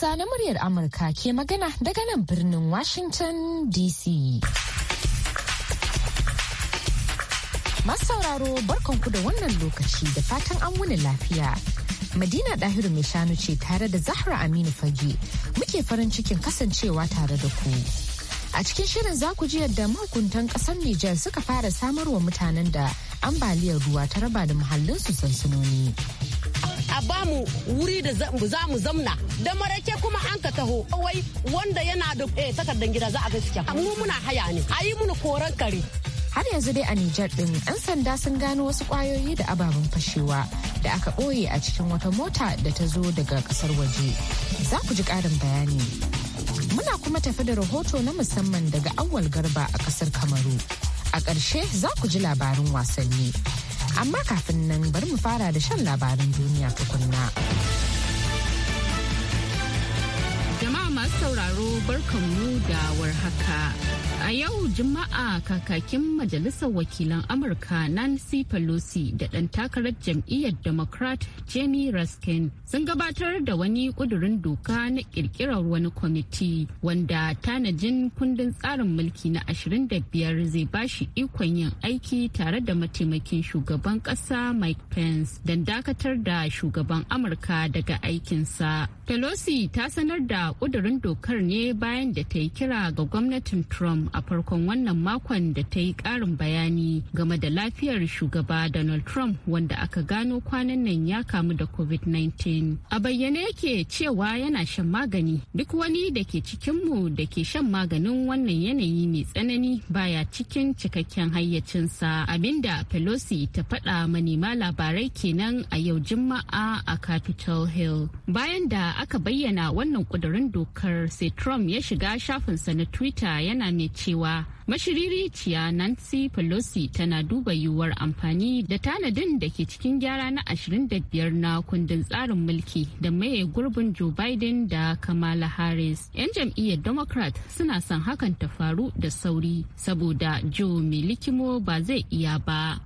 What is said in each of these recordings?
Hausa na muryar Amurka ke magana daga nan birnin Washington DC. Masu sauraro barkanku da wannan lokaci da fatan an wuni lafiya. Madina ɗahiru mai shanu ce tare da Zahra Aminu Fage muke farin cikin kasancewa tare da ku. A cikin shirin za ku ji yadda mahukuntan ƙasar Nijar suka fara samarwa mutanen da ambaliyar ruwa ta raba da muhallinsu sansanoni. a bamu wuri da za mu zamna da marake kuma an ka taho wai wanda yana da eh, takardar gida za a ga suke mu muna haya ne a yi mun koran kare har yanzu dai a Nijar din yan sanda sun gano wasu kwayoyi da ababen fashewa da aka ɓoye a cikin wata mota da ta zo daga kasar waje za ku ji ƙarin bayani muna kuma tafi da rahoto na musamman daga awal garba a kasar kamaru a ƙarshe za ku ji labarin wasanni amma kafin nan bari mu fara da shan labarin duniya tukunna. sauraro barkanmu da warhaka. A yau Juma'a kakakin Majalisar Wakilan Amurka Nancy Pelosi da ɗan takarar jam'iyyar Democrat Jamie Raskin sun gabatar da wani ƙudurin doka na ƙirƙirar wani kwamiti wanda tanajin kundin tsarin mulki na 25 zai bashi ikon yin aiki tare da mataimakin shugaban ƙasa Mike Pence don dakatar da shugaban Amurka daga aikinsa. Pelosi ta sanar da ƙudurin dokar ne bayan da ta yi kira ga gwamnatin Trump a farkon wannan makon da ta yi karin bayani game da lafiyar shugaba Donald Trump wanda aka gano kwanan nan ya kamu da COVID-19. A bayyane yake cewa yana shan magani duk wani da ke cikinmu da ke shan maganin wannan yanayi mai tsanani baya cikin cikakken hayyacinsa abinda Pelosi ta faɗa manema labarai kenan a yau Juma'a a Capitol Hill. Bayan da aka bayyana wannan kudurin dokar kasar sai trump ya shiga shafinsa na twitter yana mai cewa mashiririciya nancy pelosi tana duba yiwuwar amfani da tanadin da ke cikin gyara na 25 na kundin tsarin mulki da maye gurbin joe biden da kamala harris 'yan jam'iyyar democrat suna son hakan ta faru da sauri saboda joe mai likimo ba zai iya ba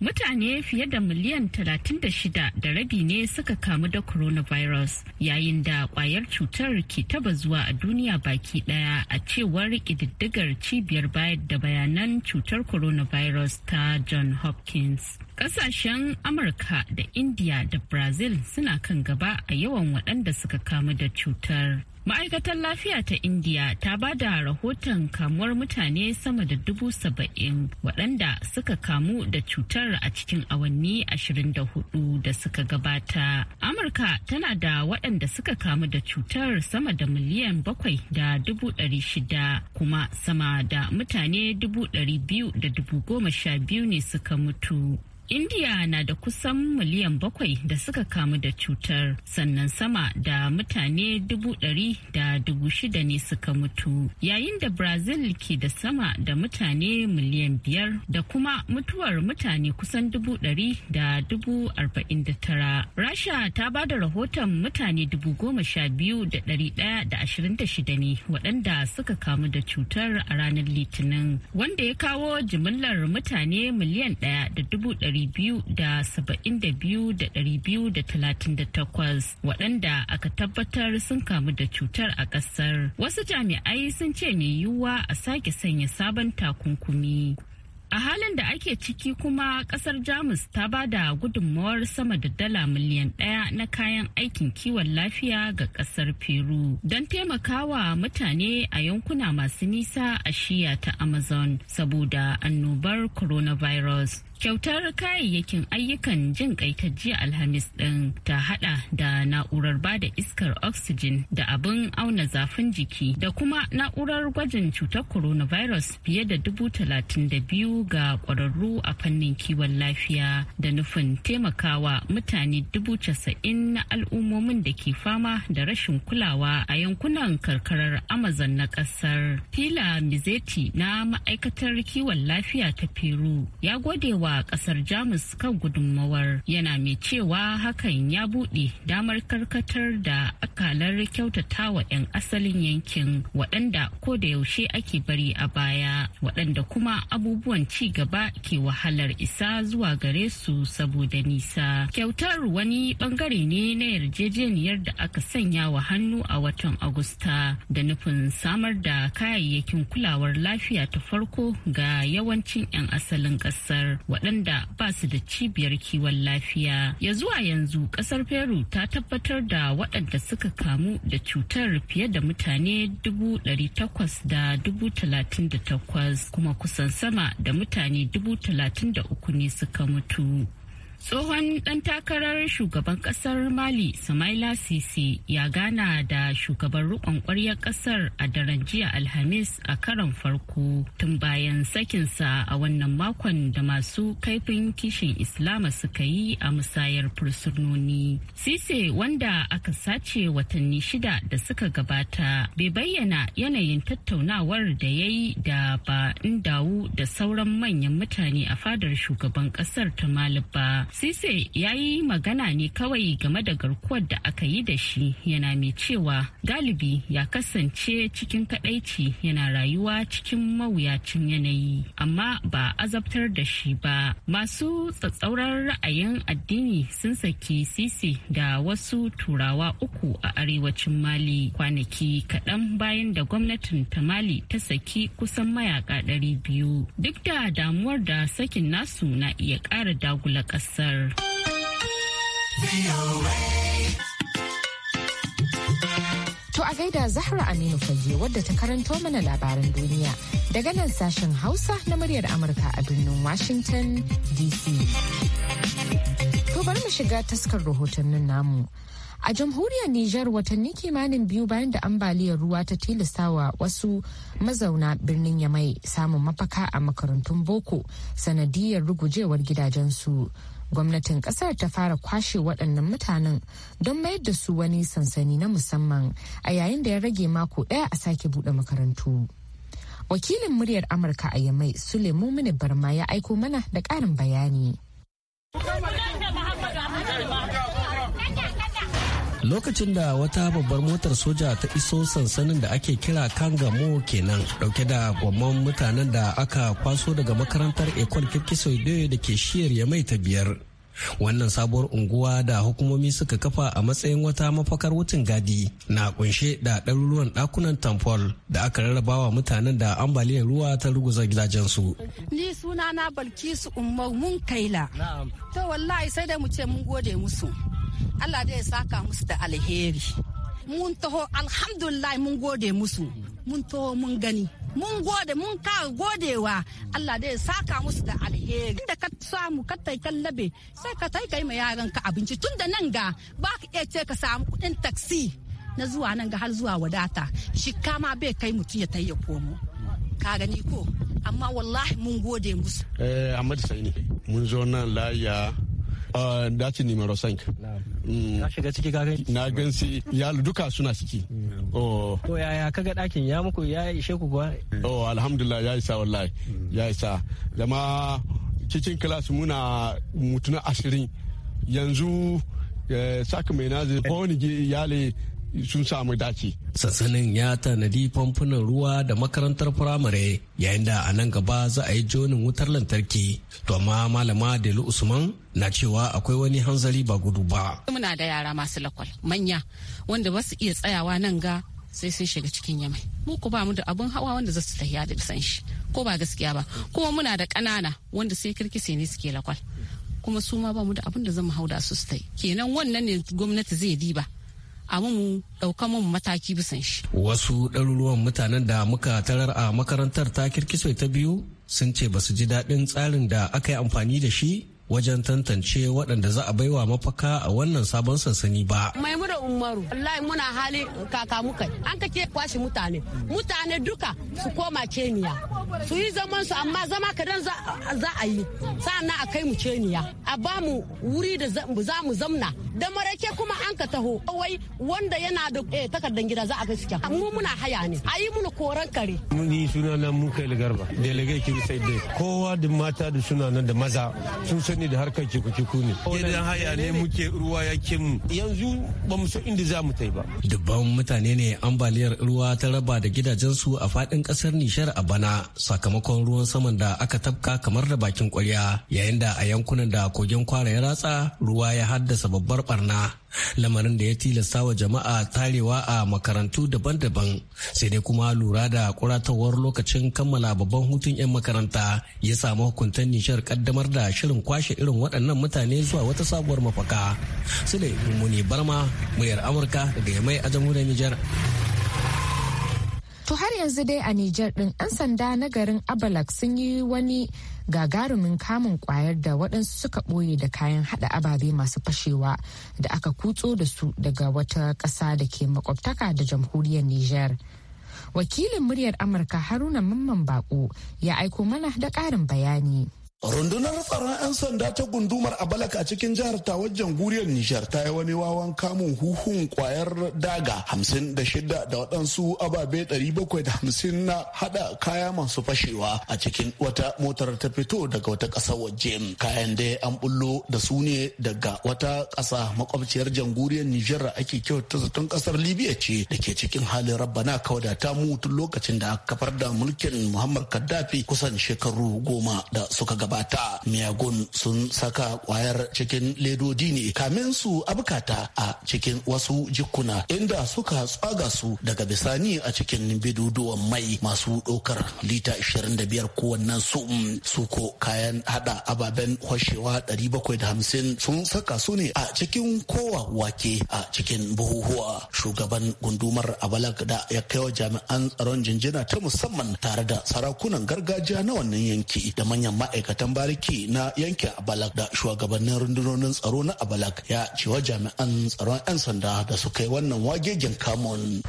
Mutane fiye da miliyan 36 da rabi ne suka kamu da coronavirus yayin da kwayar cutar ke taba zuwa a duniya baki daya a cewar ƙididdigar cibiyar bayar da bayanan cutar coronavirus ta John Hopkins. kasashen Amurka da indiya da Brazil suna kan gaba a yawan waɗanda suka kamu da cutar. Ma'aikatar lafiya ta indiya ta ba da rahoton kamuwar mutane sama da dubu saba'in waɗanda suka kamu da cutar a cikin awanni 24 da suka gabata. Amurka tana da waɗanda suka kamu da cutar sama da miliyan bakwai da dubu ɗari shida kuma sama da mutane dubu ɗari biyu da dubu goma sha biyu ne suka mutu. Indiya na da kusan miliyan bakwai da suka kamu da cutar sannan sama da mutane dubu ɗari da dubu shida ne suka mutu yayin da Brazil ke da sama da mutane miliyan biyar da kuma mutuwar mutane kusan dubu ɗari da dubu arba'in da tara. Rasha ta ba da rahoton mutane dubu goma sha biyu da ɗari ɗaya da ashirin da shida ne waɗanda suka kamu da cutar a ranar Litinin wanda ya kawo jimillar mutane miliyan ɗaya da dubu ɗari 272,238 waɗanda aka tabbatar sun kamu da cutar a ƙasar. Wasu jami'ai sun ce mai yiwuwa a sake sanya sabon takunkumi. A halin da ake ciki kuma ƙasar Jamus ta ba da gudunmawar sama da dala miliyan ɗaya na kayan aikin kiwon lafiya ga ƙasar Peru don taimakawa mutane a yankuna masu nisa a shiya ta Amazon saboda annobar coronavirus. kyautar kayayyakin ayyukan jin kai jiya alhamis ɗin ta hada da na'urar ba da iskar oxygen da abin auna zafin jiki da kuma na'urar gwajin cutar coronavirus fiye da dubu talatin da biyu ga kwararru a fannin kiwon lafiya da nufin taimakawa mutane dubu casa'in na al'ummomin da ke fama da rashin kulawa a yankunan karkarar amazon na ƙasar, fila mizeti na ma'aikatar kiwon lafiya ta peru ya gode wa wa kasar jamus kan gudunmawar yana mai cewa hakan ya buɗe damar karkatar da akalar kyautatawa 'yan asalin yankin waɗanda ko da yaushe ake bari a baya waɗanda kuma abubuwan ci gaba ke wahalar isa zuwa gare su saboda nisa kyautar wani bangare ne na yarjejeniyar da aka sanya wa hannu a watan agusta da nufin samar da kayayyakin kulawar lafiya ta farko ga yawancin 'yan asalin ƙasar waɗanda ba su da cibiyar kiwon lafiya ya zuwa yanzu ƙasar peru ta tabbatar da waɗanda suka kamu da cutar fiye da mutane dubu ɗari takwas da dubu talatin da takwas kuma kusan sama da mutane dubu talatin da uku ne suka mutu tsohon ɗan takarar shugaban ƙasar mali samaila sisi ya gana da shugaban rikon ƙwaryar ƙasar a daren jiya alhamis a karon farko tun bayan sakinsa a wannan makon da masu kaifin kishin islama suka yi a musayar fursunoni sisi wanda aka sace watanni shida da suka gabata bai bayyana yanayin tattaunawar da ya yi da ba in dawu da sauran manyan mutane a fadar shugaban ƙasar ta mali ba Sise ya yi magana ne kawai game da garkuwar da aka yi da shi yana mai cewa galibi ya kasance cikin kadaici yana rayuwa cikin mawuyacin yanayi amma ba azabtar da shi ba. Masu tsatsauran ra'ayin addini sun saki Sise da wasu turawa uku a arewacin Mali kwanaki kaɗan bayan da gwamnatin ta Mali ta saki kusan mayaka 200 duk da damuwar da sakin nasu na iya ƙara dagula ƙasa. To a gaida Zahra Aminu Fage wadda ta karanto mana labaran duniya daga nan sashen Hausa na muryar Amurka a birnin Washington DC. To bari mu shiga taskar rahotannin namu. A jamhuriyar Nijar watanni kimanin biyu bayan da ambaliyar ruwa ta tilasta wa wasu mazauna birnin Yamai samun mafaka a makarantun boko sanadiyar rugujewar gidajensu. gwamnatin kasar ta fara kwashe waɗannan mutanen don mayar da su wani sansani na musamman a yayin da ya rage mako ɗaya a sake buɗe makarantu wakilin muryar amurka a yamai sule mumini barma ya aiko mana da ƙarin bayani lokacin da wata babbar motar soja ta iso sansanin da ake kira kangamo kenan dauke da gwamman mutanen da aka kwaso daga makarantar ekol kirkisoidoyo da ke shiyar ya mai ta biyar wannan sabuwar unguwa da hukumomi suka kafa a matsayin wata mafakar wucin gadi na kunshe da ɗaruruwan ɗakunan tamfol da aka rarrabawa mutanen da ambaliyar ruwa ta ruguza gidajensu ni suna sunana balkisu umar mun kaila to wallahi sai da mu ce mun gode musu Allah zai saka musu da alheri mun taho alhamdulillah mun gode musu mun taho mun gani mun gode mun ka godewa Allah zai saka musu da alheri da ka samu ka tai kallabe sai ka tai kai ma yaran ka abinci tun da nan ga ba ka iya ce ka samu kudin taksi na zuwa nan ga har zuwa wadata shi kama bai kai mutum ya tai ya komo ka gani ko amma wallahi mun gode musu eh Ahmad Saini mun zo nan layya Ah, dace ne maro sank na mm. shiga ciki ka gani na gan si ya duka suna ciki mm. oh. to yaya kaga dakin ya muku ya ishe ku kuwa oh alhamdulillah ya isa wallahi mm. ya isa dama cikin class muna mutuna ashirin yanzu zai eh, ba wani bonige iyali sun samu dace. Sansanin ya tanadi famfunan ruwa da makarantar firamare yayin da a nan gaba za a yi jonin wutar lantarki. To amma malama Delu Usman na cewa akwai wani hanzari ba gudu ba. Muna da yara masu lakwal manya wanda ba su iya tsayawa nan ga sai sun shiga cikin yamai. Mu ku ba mu da abun hawa wanda za su tafiya da bisan shi ko ba gaskiya ba. Kuma muna da ƙanana wanda sai kirkise ne suke lakwal. Kuma su ma ba mu da abun da zan hau da su su tai. Kenan wannan ne gwamnati zai diba. a mu ɗauka mu mataki bisan shi. Wasu ɗaruruwan mutanen da muka tarar a makarantar ta kirkiso ta biyu sun ce basu ji daɗin tsarin da aka yi amfani da shi wajen tantance waɗanda za a baiwa mafaka a wannan sabon sansani ba. Maimuna Umaru, wallahi muna hali kaka muka an kake kwashe mutane, mutane duka su koma Kenya. su yi zaman su amma zama kadan za a yi sa'an a kai mu ceniya a ba mu wuri da za mu zamna da marake kuma an ka taho wai wanda yana da eh, takardar gida za a kai suke mu muna haya ne a yi muna koran kare ni suna mu muka garba delegate kiri sai dai kowa da mata da suna nan da maza sun sani da harkar kiku kiku ne gidan haya ne muke ruwa yake mu yanzu ba mu san inda za mu tai ba dubban mutane ne ambaliyar ruwa ta raba da gidajensu a faɗin ƙasar nishar a bana sakamakon ruwan saman da aka tafka kamar da bakin kwarya yayin da a yankunan da kogin kwara ya ratsa ruwa ya haddasa babbar barna lamarin da ya tilasta wa jama'a tarewa a makarantu daban-daban sai dai kuma lura da kuratawar lokacin kammala babban hutun 'yan makaranta ya samu hukuntan nishar kaddamar da shirin kwashe irin waɗannan mutane zuwa wata sabuwar mafaka sule mummuni barma muryar amurka daga yamai a jamhuriyar nijar To har yanzu dai a Nijar ɗin 'yan sanda na garin Abalak sun yi wani gagarumin kamun kwayar da waɗansu suka ɓoye da kayan haɗa ababe masu fashewa da aka kutso da su daga wata ƙasa da ke makwabtaka da jamhuriyar Nijar. Wakilin muryar Amurka Haruna Mamman Bako ya aiko mana da ƙarin bayani. Rundunar tsaron 'yan sanda ta gundumar a balak a cikin jihar wajen jamhuriyar Nijar ta yi wani wawan kamun huhun kwayar daga hamsin da shida da waɗansu ababe ɗari da hamsin na haɗa kaya masu fashewa a cikin wata motar ta fito daga wata ƙasa waje. Kayan da an bullo da su ne daga wata ƙasa makwabciyar jamhuriyar Nijar ake kyauta zaton ƙasar Libya ce da ke cikin halin rabbana kawada ta mutu lokacin da aka kafar da mulkin Muhammad Kaddafi kusan shekaru goma da suka gaba. gabata miyagun sun saka kwayar cikin ledodi ne kamin su abkata a cikin wasu jikuna inda suka tsaga su daga bisani a cikin biduduwan mai masu ɗaukar lita 25 kowannen su suko kayan hada ababen kwashewa 750 sun saka su ne a cikin kowa wake a cikin buhuhuwa shugaban gundumar abalak da ya kaiwa jami'an tsaron jinjina ta musamman tare da sarakunan gargajiya na wannan yanki da manyan ma'aikata ma'aikatan bariki na yankin abalak da shugabannin rundunonin tsaro na abalak ya cewa jami'an tsaron 'yan sanda da suka yi wannan wagegen kamun.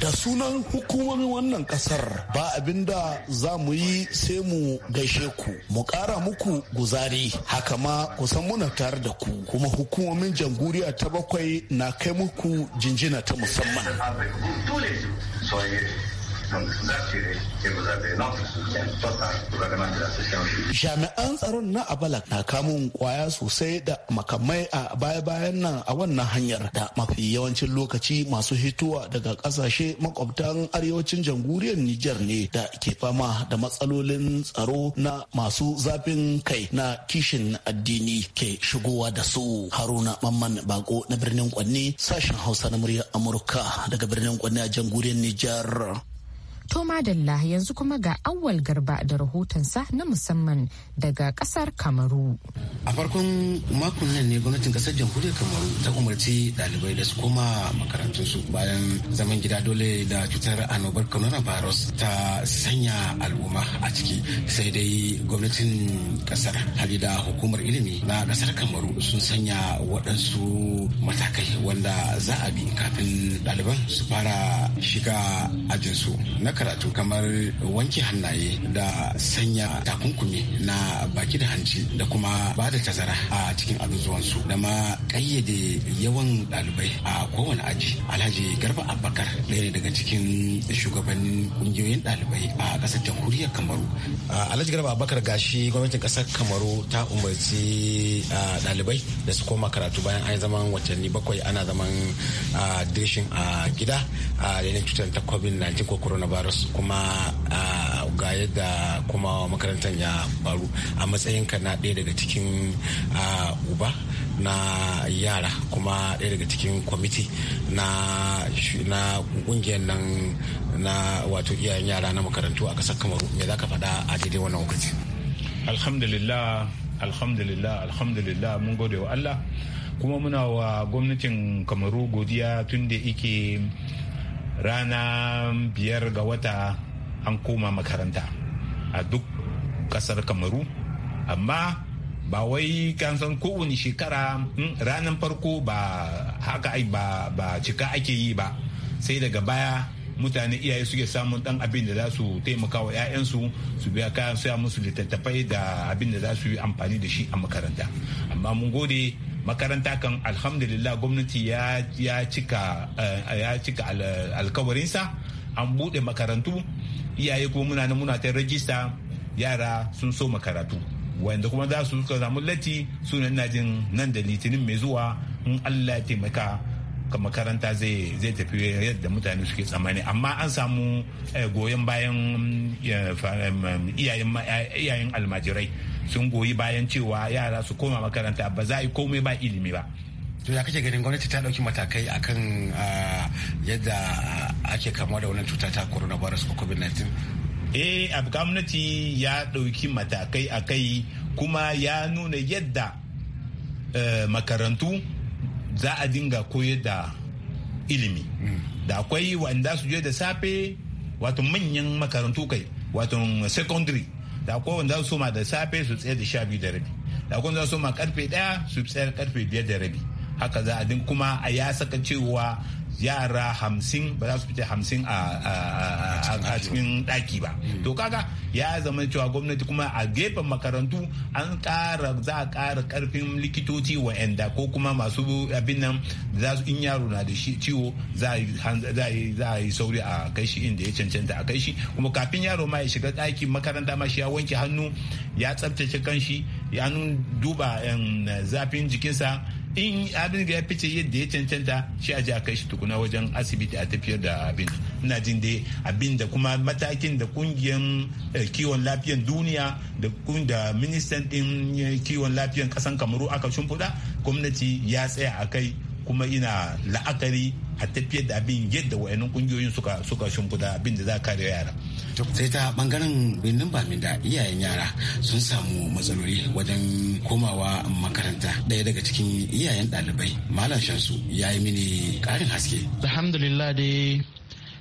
da sunan hukumomin wannan kasar ba abin da za mu yi sai mu gaishe ku mu kara muku guzari haka ma ku san muna tare da ku kuma hukumomin jamhuriya ta bakwai na kai muku jinjina ta musamman son da Jami'an tsaron na Abalak na kamun kwaya sosai da makamai a baya-bayan nan a wannan hanyar da mafi yawancin lokaci masu hituwa daga kasashe makwabtan arewacin jamhuriyar Nijar ne da ke fama da matsalolin tsaro na masu zafin kai na kishin addini ke shigowa da su haruna mamman bako na birnin kwanne sashen hausa na muryar amurka daga birnin kwanne a jamhuriyar Nijar. To madalla yanzu kuma ga awwal garba da rahotonsa na musamman daga kasar Kamaru. A farkon makon nan ne gwamnatin kasar jamhuriyar Kamaru ta umarci ɗalibai da su koma su. bayan zaman gida dole da cutar annobar coronavirus ta sanya al'umma a ciki sai dai gwamnatin kasar hali da hukumar ilimi na kasar Kamaru sun sanya waɗansu matakai wanda za a bi kafin ɗaliban su fara shiga ajinsu. Na karatu kamar wanke hannaye da sanya takunkumi na baki da hanci da kuma ba da tazara a cikin azuzuwansu da ma kayyade yawan ɗalibai a kowane aji alhaji garba abakar ɗaya ne daga cikin shugabannin kungiyoyin dalibai a ƙasar jamhuriyar kamaru alhaji garba abakar gashi gwamnatin ƙasar kamaru ta umarci dalibai da su koma karatu bayan an zaman watanni bakwai ana zaman dirshin a gida a yanayin cutar ta 19 ko coronavirus rasu kuma ga yadda kuma makarantar ya faru a matsayinka na ɗaya daga cikin uba na yara kuma ɗaya daga cikin kwamiti na na kungiyar nan na wato iyayen yara na makarantu a ƙasar kamaru me za ka faɗa a daidai wannan lokaci alhamdulillah alhamdulillah alhamdulillah mun gode wa allah kuma muna wa gwamnatin kamaru godiya tun da ike rana biyar ga wata an koma makaranta a duk kasar kamaru amma ba wai san kowane shekara hmm, ranar farko ba haka ba, ba cika ake yi ba sai daga baya mutane iyaye suke samun dan abin da za su taimaka wa 'ya'yansu su biya kayan suya musu littattafai da abin da za su yi amfani da shi a makaranta amma mun gode makaranta kan alhamdulillah gwamnati ya cika eh, alkawarinsa an bude makarantu iyaye kuma muna nan muna ta rajista yara sun so makaratu wanda kuma za su suka samu latti sunan najin nan da litinin mai zuwa in allah ya taimaka makaranta zai tafi yadda mutane suke tsammani amma an samu eh, goyon bayan iyayen almajirai sun goyi bayan cewa yara su koma makaranta ba za a yi komai ba ilimi ba to ya kake ganin gwamnati ta dauki matakai akan yadda ake kamuwa da wannan cuta ta coronavirus ko covid-19 eh a gwamnati ya dauki matakai akai kuma ya nuna yadda eh, makarantu za a dinga koyar da ilimi da akwai wanda su je da safe wato manyan makarantu kai wato secondary da akwai wanda su soma da safe su tsaye da sha biyu da rabi da akwai wanda su soma karfe daya su tsaye karfe biyar da rabi haka za a din kuma a ya saka cewa yara hamsin ba za su fita hamsin a cikin daki ba hmm. to kaga ya zama cewa gwamnati kuma a gefen makarantu an kara za a karfin karfin likitoci yanda ko kuma masu abin nan za su in yaro na da ciwo za a yi sauri a kai shi inda ya cancanta a kai shi kuma kafin yaro ma ya shiga daki makaranta ma shi ya wanke hannu ya tsabtace kanshi ya duba zafin jikinsa in abin ga ya fice yadda ya cancanta shi a ji a kai shi tukuna wajen asibiti a tafiyar da abin ina jin dai abin da kuma matakin da kungiyar eh, kiwon lafiyan duniya da kunda ministan din eh, kiwon lafiyan kasan kamaru aka shimfiɗa gwamnati ya tsaya a kai kuma ina la'akari a tafiyar da abin yadda wa'annan kungiyoyin suka suka shimfuda abin da za kare yara sai ta bangaren birnin bamin da iyayen yara sun samu matsaloli wajen komawa makaranta ɗaya daga cikin iyayen ɗalibai malam shansu ya yi mini ƙarin haske alhamdulillah dai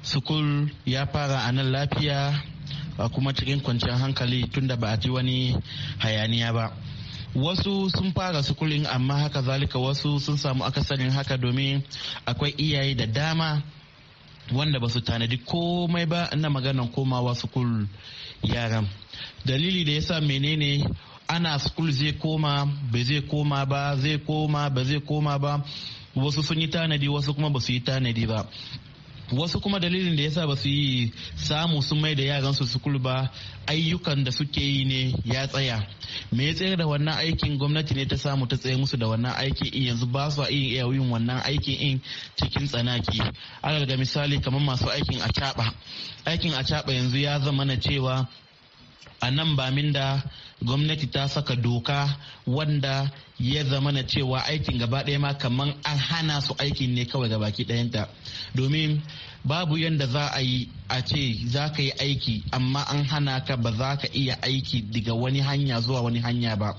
sukul ya fara a nan lafiya kuma cikin kwanciyar hankali tunda ba a ji wani hayaniya ba wasu sun fara sukulin amma haka zalika wasu sun samu akasarin haka domin akwai iyaye da dama wanda ba su tanadi komai ba na maganan komawa sukul yaran dalili da ya sa menene ana sukul zai koma ba zai koma ba zai koma ba zai koma ba wasu sun yi tanadi wasu kuma ba su yi tanadi ba wasu kuma dalilin da yasa ba su yi samu sun mai da yaran su sukul ba ayyukan da suke yi ne ya tsaya me ya tsayar da wannan aikin gwamnati ne ta samu ta tsaye musu da wannan aikin in yanzu ba su iya yin wannan aikin in cikin tsanaki alal ga misali kamar masu aikin a aikin a yanzu ya zama na cewa a nan ba min da gwamnati ta saka doka wanda ya zama na cewa aikin gaba ɗaya ma kamar an hana su aikin ne kawai ga baki ɗayanta domin babu yadda za a yi a ce za ka yi aiki amma an hana ka ba za ka iya aiki daga wani hanya zuwa wani hanya ba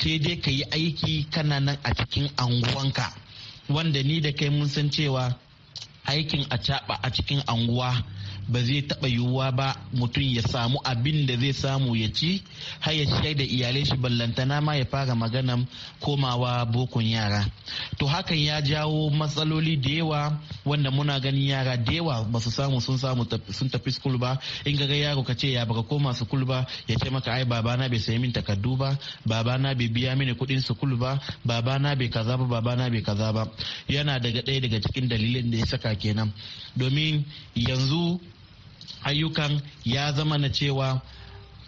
sai dai ka yi aiki kana nan a cikin anguwanka wanda ni da kai mun san cewa aikin a caɓa a cikin anguwa ba zai taba yiwuwa ba mutum ya samu abin da zai samu ya ci har ya ciyar da iyalai shi ballantana ma ya fara maganan komawa bokon yara to hakan ya jawo matsaloli da yawa wanda muna ganin yara da yawa ba su samu sun samu sun tafi school ba in ga yaro ka ce ya baka koma school ba ya ce maka ai babana bai sayi min takardu ba babana bai biya mini kuɗin school ba babana bai kaza ba babana bai kaza ba yana daga ɗaya daga cikin dalilin da ya saka kenan domin yanzu ayyukan ya zama na cewa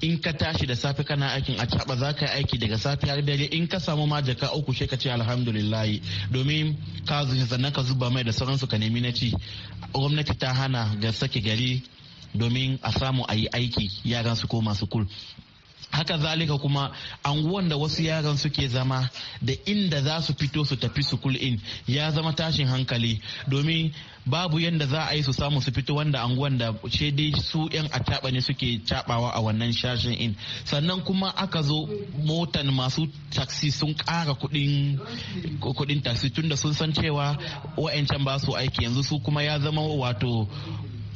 in ka tashi da safe kana aikin a caba za ka yi aiki daga safe har dare in ka samu ma jaka uku sai ka ce alhamdulillahi domin ka zuci sannan ka zuba mai da sauransu ka nemi na ci gwamnati ta hana ga sake gari domin a samu a yi aiki yaran su koma su kul haka zalika kuma anguwan da wasu yaran suke zama da inda za su fito su tafi kul in ya zama tashin hankali domin babu yadda za a yi su samu su fito wanda anguwan da ce dai su yan taba ne suke cabawa a wannan shashin in sannan kuma aka zo motan masu taxi sun kara kudin taxi tunda sun san cewa wa'ancan ba su aiki yanzu su kuma ya zama wato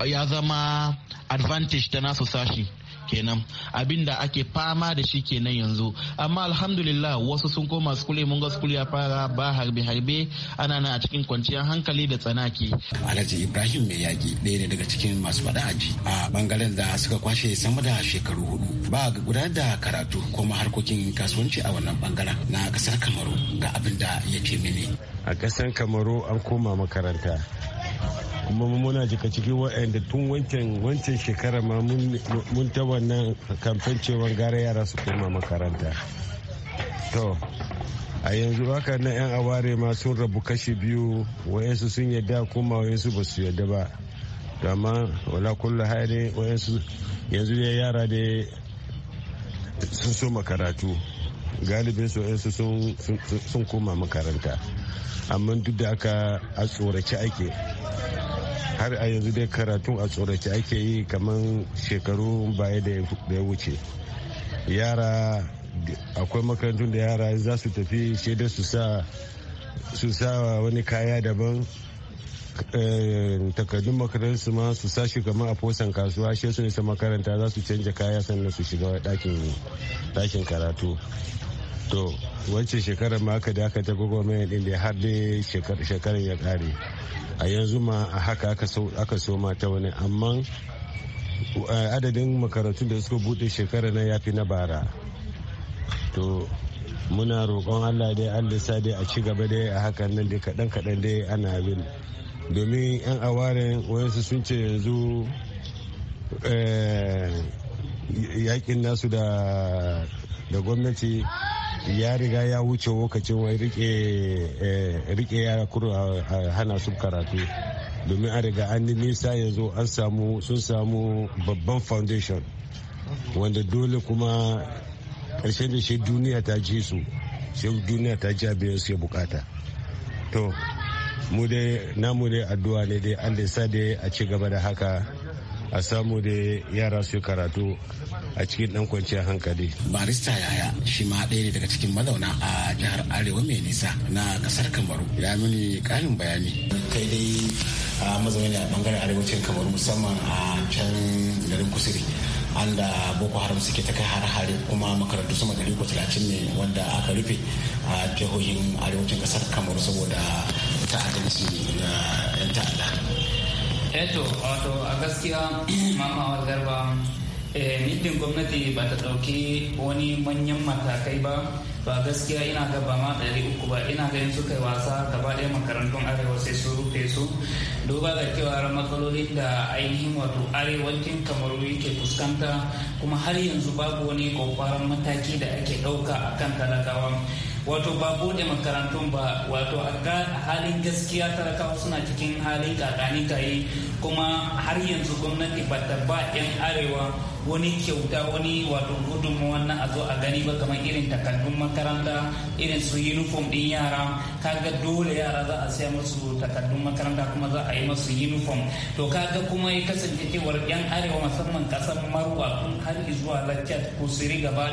ya zama advantage ta nasu sashi kenan abin da ake fama da shi kenan yanzu amma alhamdulillah wasu sun koma skule mun ga skule ya fara ba harbe harbe ana na a cikin kwanciyar hankali da tsanaki alhaji ibrahim mai yaki ɗaya ne daga cikin masu faɗa aji a bangaren da suka kwashe sama da shekaru hudu ba ga gudanar da karatu kuma harkokin kasuwanci a wannan bangaren na kasar kamaru ga abin da ya ce mini a kasar kamaru an koma makaranta amma muna jika cikin wa'anda tun wancan wancan shekara ma mun ta wannan kamfen cewa gara yara su koma makaranta to a yanzu haka na 'yan aware ma sun rabu kashi biyu wayansu sun yadda kuma wayansu ba su yadda ba to amma wala kullu haire wayansu yanzu ya yara da sun so makaratu galibin su wayansu sun koma makaranta amma duk da aka a tsorace ake har a yanzu dai karatun a tsorace ake yi kamar shekaru baya da ya wuce yara akwai makarantun da yara za su tafi shaidar su sa wani kaya daban eh, takardun makarantarsu ma su sashi kamar a fosan kasuwa shi su nisa makaranta za su canja kaya sannan su shiga ɗakin karatu to wacce shekarar ma aka daka ta gwagwarmayar din da har haɗe shekarar ya kare a yanzu ma a haka aka soma ta wani amma eh, adadin makarantu da suka buɗe shekarar na ya fi na bara to muna roƙon allah dai allah sa dai a ci gaba dai a haka nan dai kaɗan kaɗan dai ana abin domin yan awarin wayansu sun ce yanzu eh, yakin nasu da gwamnati ya riga ya wuce lokacin wai rike eh, yara kuro a hana su karatu domin a riga an nisa yanzu an samu sun samu babban foundation wanda dole kuma karshen da shi duniya ta ji su sai duniya ta ji abin su ya bukata to mu dai namu dai addu'a ne dai an da sa dai a ci gaba da haka a samu da yara su karatu a cikin dan kwanciyar hankali. Barista yaya shi ma ɗaya ne daga cikin mazauna a jihar Arewa mai nisa na kasar Kamaru. Ya mini ƙarin bayani. Kai dai a mazauni a bangaren arewacin Kamaru musamman a can garin Kusiri. an da boko haram suke ta kai har-hare kuma makarantu sama da ko talatin ne wanda aka rufe a jihohin arewacin kasar kamaru saboda ta'adanci na 'yan ta'adda eto eh, wato a gaskiya mama garba nidin eh, gwamnati ba ta ɗauki wani manyan matakai ba ba gaskiya ina ga ba ma ɗari uku ba ina ganin su kai wasa gaba ɗaya makarantun arewa sai su rufe su duba da cewa matsalolin da ainihin wato arewacin kamaru yake fuskanta kuma har yanzu babu wani kwakwaran mataki da ake ɗauka akan talakawa wato ba bude makarantun ba wato a halin gaskiya talakawa suna cikin halin kakani kayi kuma har yanzu gwamnati ba ta ba 'yan arewa wani kyauta wani wato gudunmu wannan a zo a gani ba kamar irin takardun makaranta irin su uniform ɗin yara kaga dole yara za a saya masu takardun makaranta kuma za a yi musu uniform to kaga kuma ya kasance cewar 'yan arewa musamman kasar marwa tun har zuwa lakciyar kusiri gaba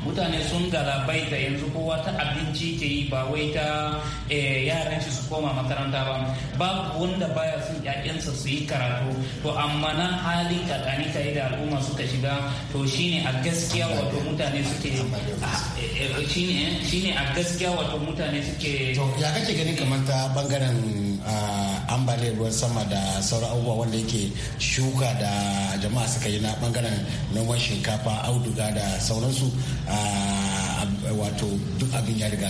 mutane sun galabai da yanzu kowa ta abinci ke yi ba wai ta eh, yaran shi su koma makaranta ba babu wanda baya son ƴaƴansa su yi karatu to amma na hali kakani yi da al'umma suka shiga to shine a gaskiya wato mutane suke eh, shine a gaskiya wato mutane suke to ya kake ganin kamar ta bangaren ah, ambaliyar ruwan sama da sauran abubuwa wanda yake shuka da jama'a suka yi na bangaren noman shinkafa auduga da sauransu ah, to duk abin ya riga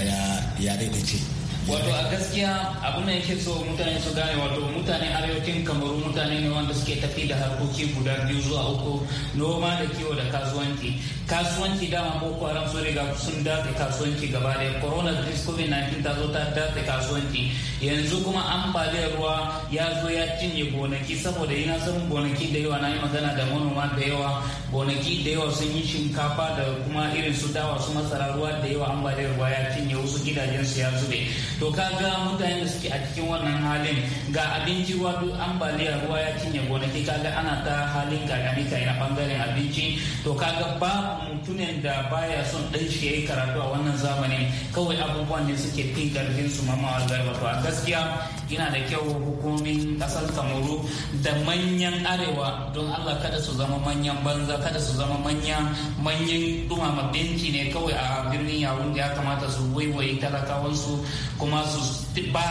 ya daidaice wato a gaskiya abin da yake so mutane su gane wato mutane arewacin kamaru mutane ne wanda suke tafi da harkoki guda biyu zuwa uku noma da kiwo da kasuwanci kasuwanci dama boko haram sun riga sun dace kasuwanci gaba da corona virus covid 19 ta zo ta dace kasuwanci yanzu kuma ambaliyar ruwa ya zo ya cinye gonaki saboda yana san gonaki da yawa na yi magana da manoma da yawa gonaki da yawa sun yi shinkafa da kuma irin su dawa su masara ruwa da yawa ambaliyar ruwa ya cinye wasu gidajen su ya zube to kaga mutane da suke a cikin wannan halin ga abinci wato ambaliyar ruwa ya cinye gonaki kaga ana ta halin kakani kai na bangaren abinci to ka ga ba mutumin da baya son dan shi yayi karatu a wannan zamani kawai abubuwan ne suke fin karfin su mama algarba to a gaskiya yana da kyau hukumomin kasar kamaru da manyan arewa don Allah kada su zama manyan banza kada su zama manyan manyan dumama benci ne kawai a birnin da ya kamata su waiwaye talakawansu kuma kuma su ba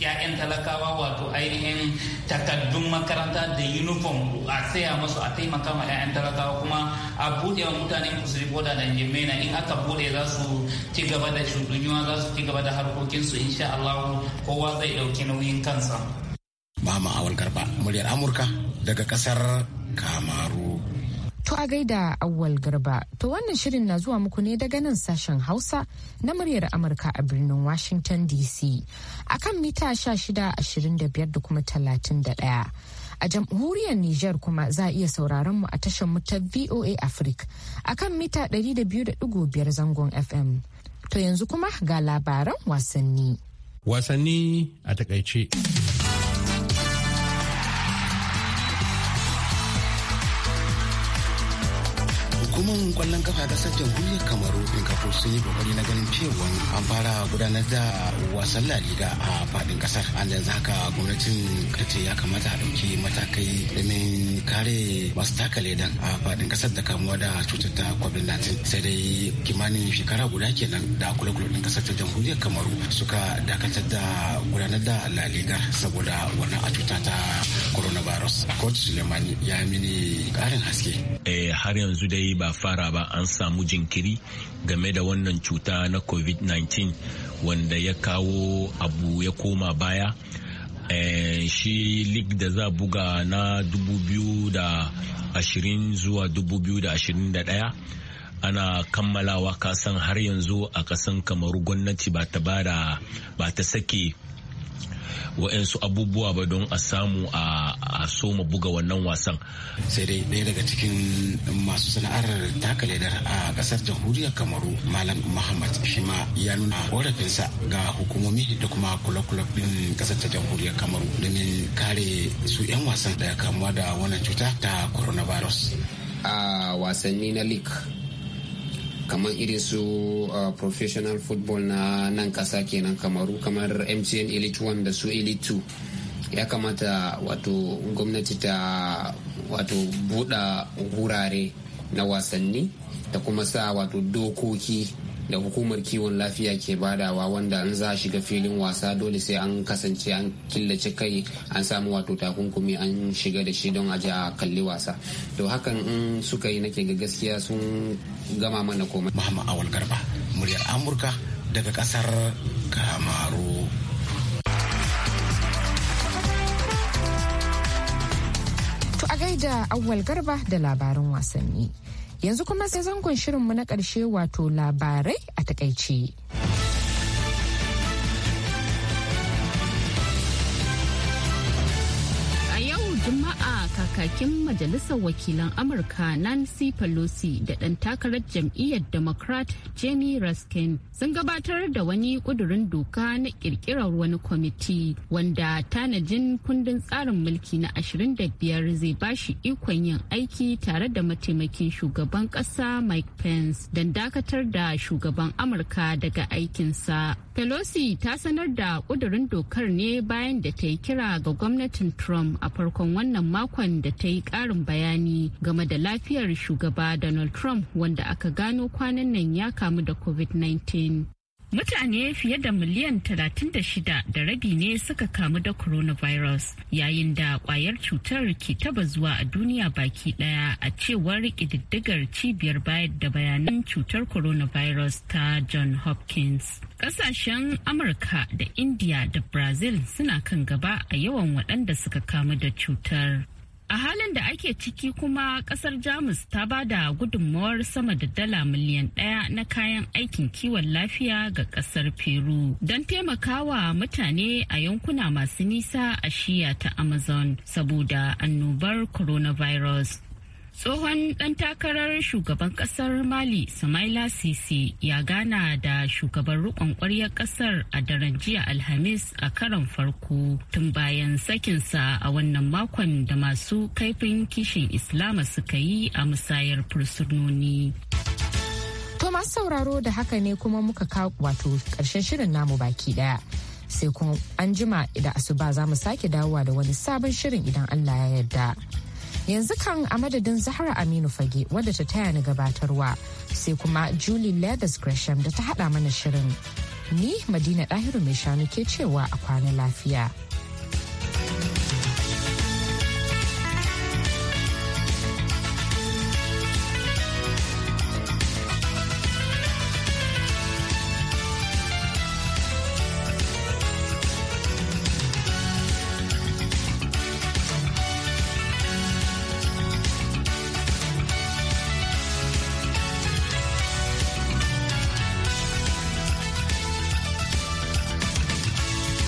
'ya'yan talakawa wato ainihin takaddun makaranta da uniform a saya masu a taimaka ma 'ya'yan talakawa kuma a buɗe wa mutanen kusuri boda da jimena in aka buɗe za su ci gaba da shudunyuwa za su ci gaba da harkokinsu insha Allah kowa zai ɗauki nauyin kansa. Mama Awal Garba, muryar Amurka daga ƙasar Kamaru. To a gaida awwal garba, to wannan shirin na zuwa muku ne daga nan sashen Hausa na muryar Amurka a birnin Washington DC a kan mita 1625 da kuma 31. A jamhuriyar Nijar kuma za a iya sauraron mu a tashar mu ta VOA Africa a kan mita 200.5 zangon FM. To yanzu kuma ga labaran wasanni. Wasanni a takaice. hukumar kwallon kafa kasar jamhuriyar kamaru in singapore sun yi kokari na ganin cewa an fara gudanar da wasan la a fadin kasar an yanzu haka gwamnatin ta ce ya kamata a ɗauki matakai domin kare masu taka ledan a fadin kasar da kamuwa da cutar ta covid-19 sai dai kimanin shekara guda kenan da kula kula ɗin kasar ta jamhuriyar kamaru suka dakatar da gudanar da la saboda wannan a cuta ta coronavirus coach sulemani ya mini ƙarin haske eh, har yanzu dai ba fara ba an samu jinkiri game da wannan cuta na covid-19 wanda ya kawo abu ya koma baya eh, shi league da za buga na 2020 zuwa 2021 ana kammalawa kasan har yanzu a kasan kamaru gwamnati ba ta bada ba ta sake wa'yansu abubuwa ba don a samu a soma buga wannan wasan sai dai ɗaya daga cikin masu sana'ar taka ledar a ƙasar jamhuriyar kamaru malam muhammad shi ma ya nuna korafinsa ga hukumomi da kuma kula-kula ɗin ƙasar ta jamhuriyar kamaru domin kare su 'yan wasan da kamuwa da wannan cuta ta coronavirus a wasanni na league kamar irin su uh, professional football na nan kasa kenan kamaru kamar mtn elite 1 da su elite 2 ya kamata wato gwamnati ta wato buɗa wurare na wasanni ta kuma sa wato dokoki da hukumar kiwon lafiya ke badawa wanda an za a shiga filin wasa dole sai an kasance an killace kai an samu wato takunkumi an shiga da shi don a ji a kalli wasa to hakan in suka yi nake ga gaskiya sun gama mana komai Muhammad Awal Garba muryar Amurka daga kasar Kamaru To a gaida Awal Garba da labarin wasanni Yanzu kuma sai zangon shirinmu na ƙarshe wato labarai a takaice. kakakin Majalisar Wakilan Amurka Nancy Pelosi da ɗan takarar jam'iyyar Democrat Jenny Raskin sun gabatar da wani ƙudurin doka na kirkirar wani kwamiti wanda tanajin kundin tsarin mulki na 25 zai bashi ikon yin aiki tare da mataimakin shugaban kasa Mike Pence don dakatar da shugaban Amurka daga aikinsa. Pelosi ta sanar da ƙudurin dokar ne bayan da ta yi kira ga gwamnatin Trump a farkon wannan makon da da ta yi karin bayani game da lafiyar shugaba Donald Trump wanda aka gano kwanan nan ya kamu da COVID-19. Mutane fiye da miliyan 36 da rabi ne suka kamu da coronavirus yayin da kwayar cutar ke taba zuwa a duniya baki daya a cewar ƙididdigar cibiyar bayar da bayanan cutar coronavirus ta John Hopkins. kasashen Amurka da India da Brazil suna kan gaba a yawan waɗanda suka kamu da cutar. A halin da ake ciki kuma kasar Jamus ta ba da gudunmawar sama da dala miliyan ɗaya na kayan aikin kiwon lafiya ga kasar Peru don taimakawa mutane a yankuna masu nisa a shiya ta Amazon saboda annobar coronavirus. Tsohon ɗan takarar shugaban ƙasar Mali Samaila Sisi ya gana da shugaban rukun ƙwaryar ƙasar a daren jiya Alhamis a karon farko tun bayan sakinsa a wannan makon da masu kaifin kishin Islama suka yi a musayar fursunoni. To masu sauraro da haka ne kuma muka kawo wato ƙarshen shirin namu baki ɗaya. Sai kuma an jima da asuba za mu sake dawowa da wani sabon shirin idan Allah ya yarda. yanzu kan a madadin zahra aminu fage wadda ta taya ni gabatarwa sai kuma julie leathers gresham da ta hada mana shirin ni madina dahiru mai shanu ke cewa a kwana lafiya.